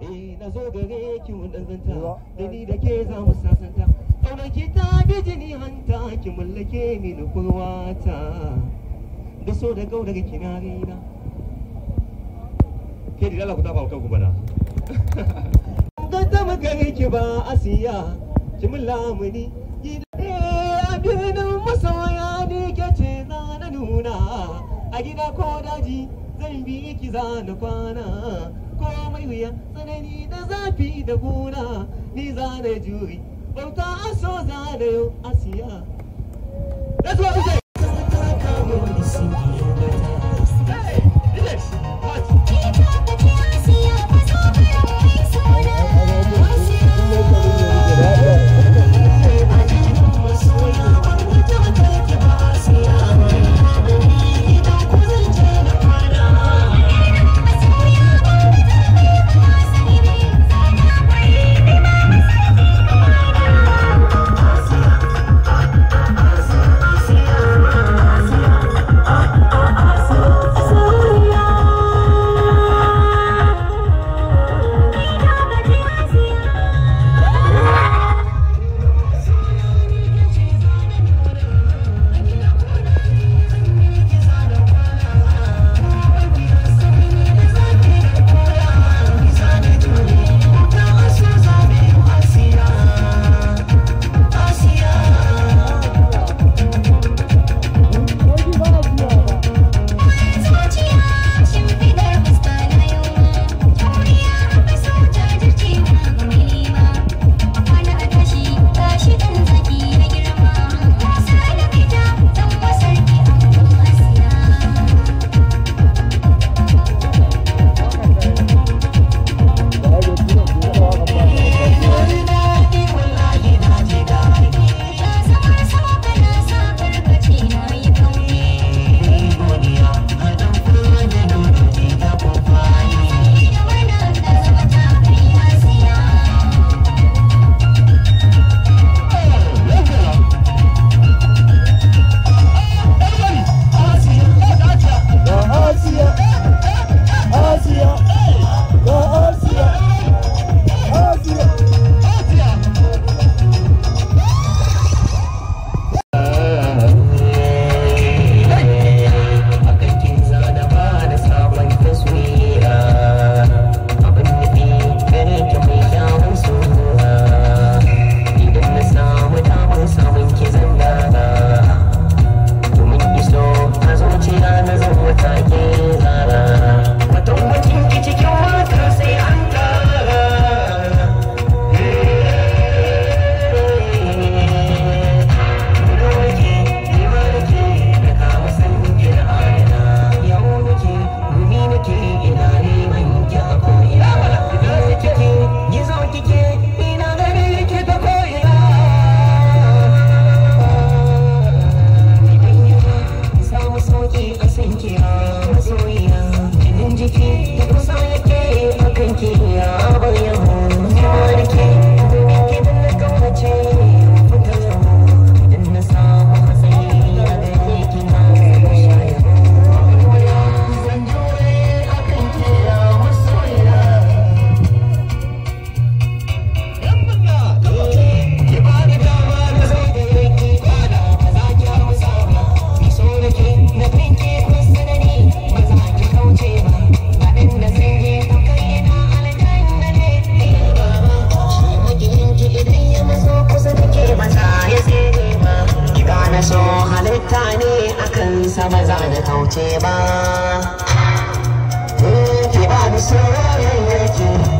eh na zo gare ki mun dan zanta da ni da ke za mu sasanta kauna ki ta jini hanta ki mallake ni na kurwata da so da gau daga kinarina ke da Allah ku tafa kanku bana ganta magana ki ba asiya ki mun lamuni abinin masoya ne ke ce za na nuna a gida ko daji zan bi ki za na kwana ko mai wuya tsanani da zafi da gona ni za na bauta aso so I